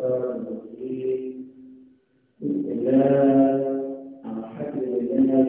الله عن حكم الله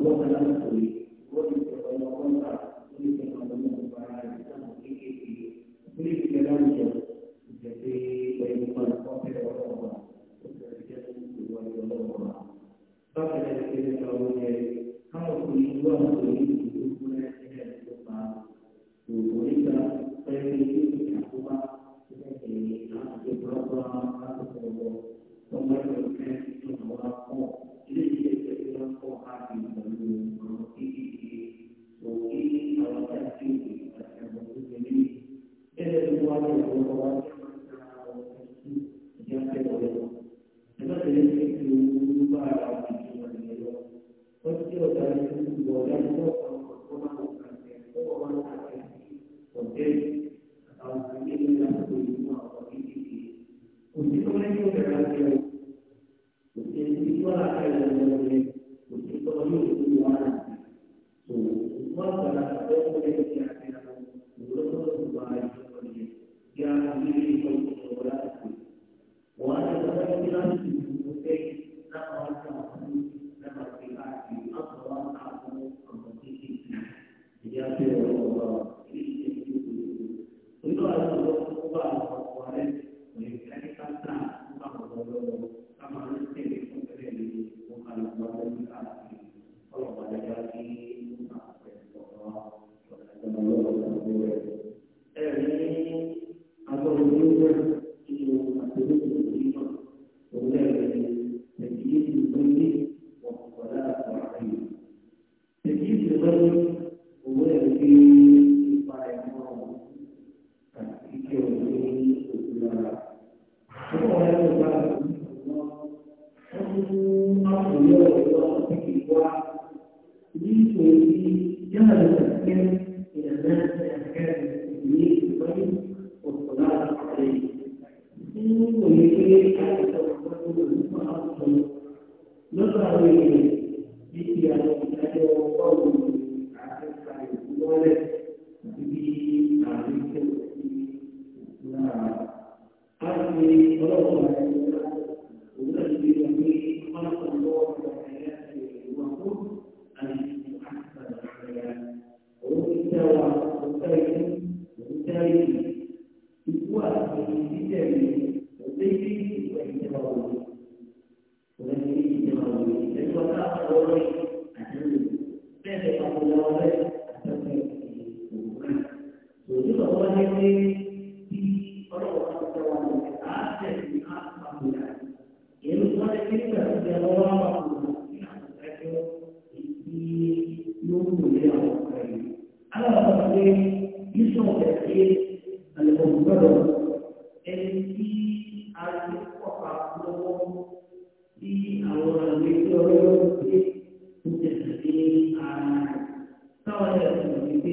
Gracias. pé ọlọ́wọ́ pé ó tẹ̀sán sí ara rẹ̀ táwọn ẹ̀sìn wípé.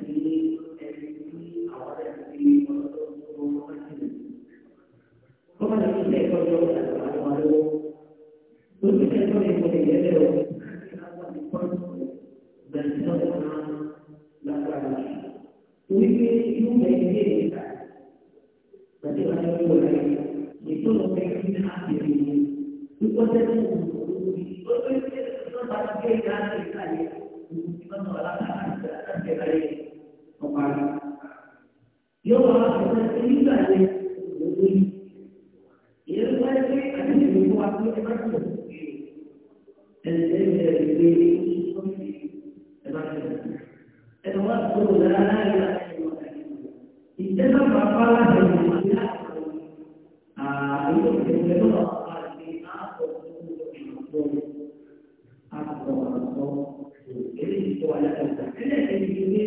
eléyìí tó wà lẹ́kọ̀ọ́ ẹlẹ́yìn tó ní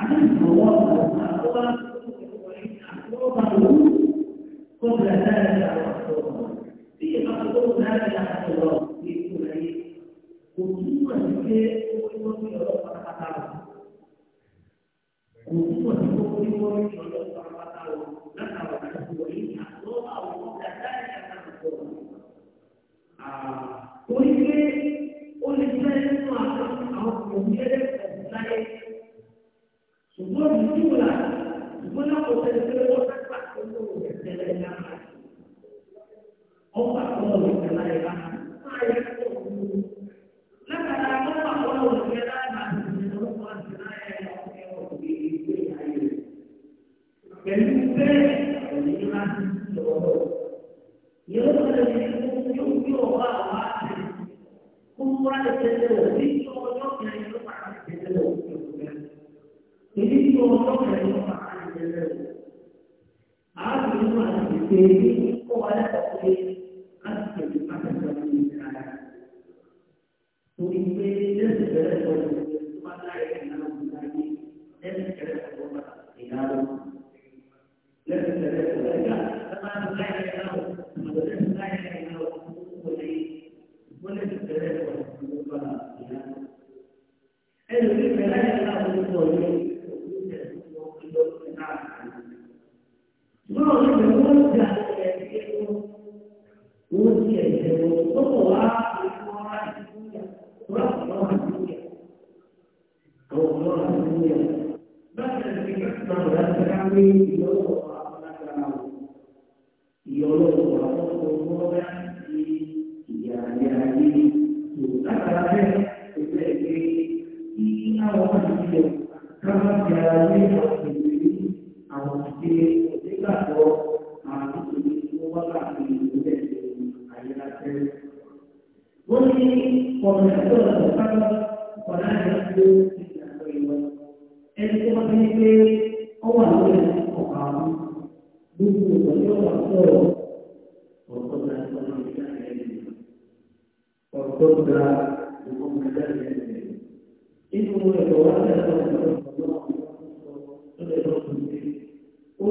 adé àwọn ọ̀gá tó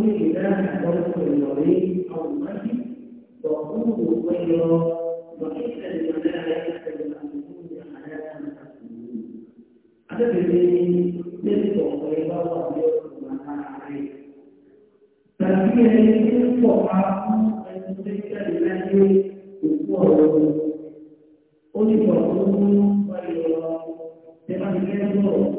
虽然讲很多妇女靠工资，做工作，为了，为了这个家庭，为了这个事业，为了这个家庭，为了这个事业，啊，这边一些妇女的话，还要去买。上班呢，辛苦下班，还负责家里的一些事务。工资不高，为了，为了这个。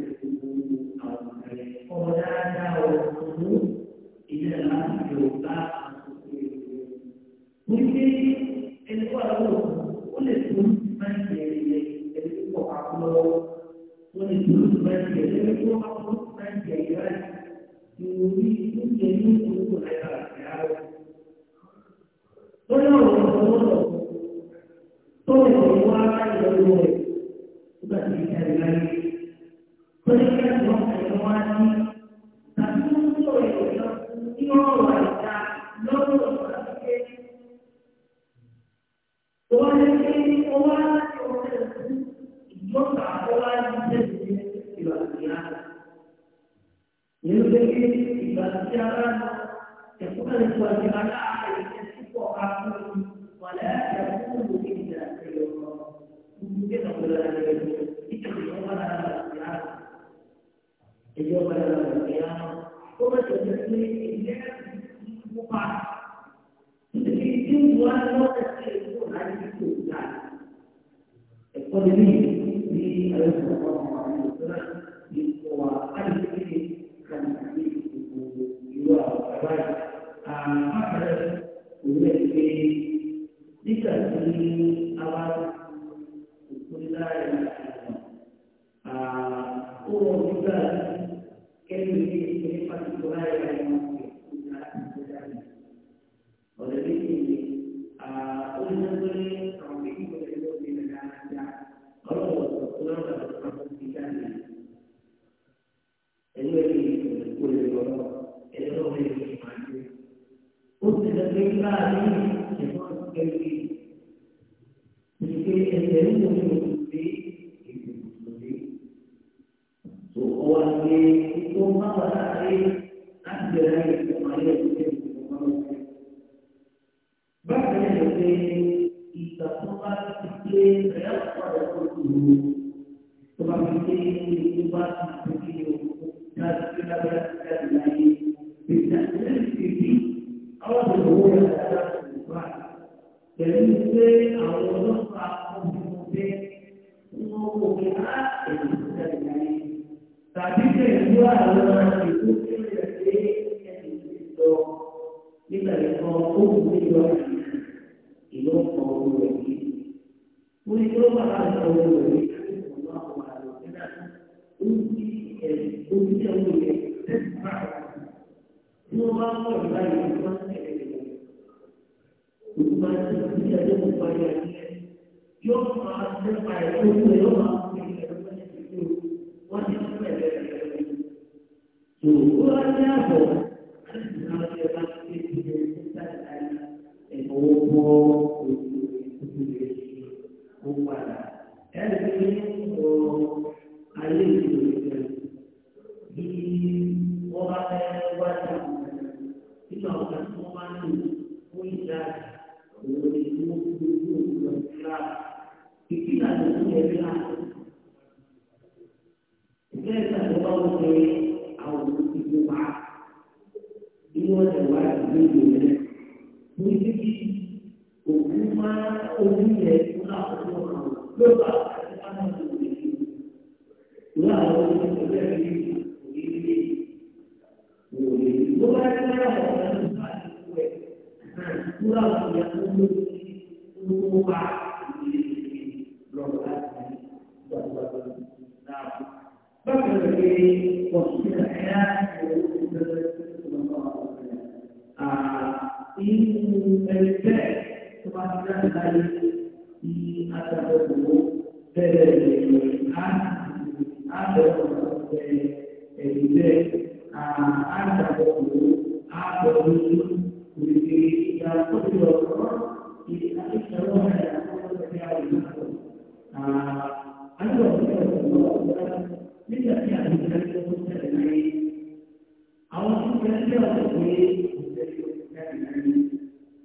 يريد أن يكون هذا ولو رفضه طلب الواقع يقول بس كلمة فلكن وقت الواني تكون طريقة يوم لو رفضه ولكن هو Ini mungkin dibaca yang bukan sebuah jemaah yang cukup aku walau Tuhan ini membuat video dan kita berhasil lagi. Bisa dari sisi Allah berhubung yang ada sebuah. Jadi kita Allah berhubung untuk mengubah Tapi kita juga adalah yóò máa nípa ìlú yóò máa wọ́n ṣe àwọn olùdíje wa bí wọ́n ṣe wá ìgbéyàwó rẹ̀ ní bíbí òkú máa ń ojú rẹ̀ fún àwọn ọmọ rẹ̀ ló mengecek kepastian dari di atas itu dari kemudian ada dari dari atas itu ada itu jadi yang perlu kita ikhlas dalam berjalan itu. Ada orang yang berdoa dan tidak yang berdoa dengan Allah juga tidak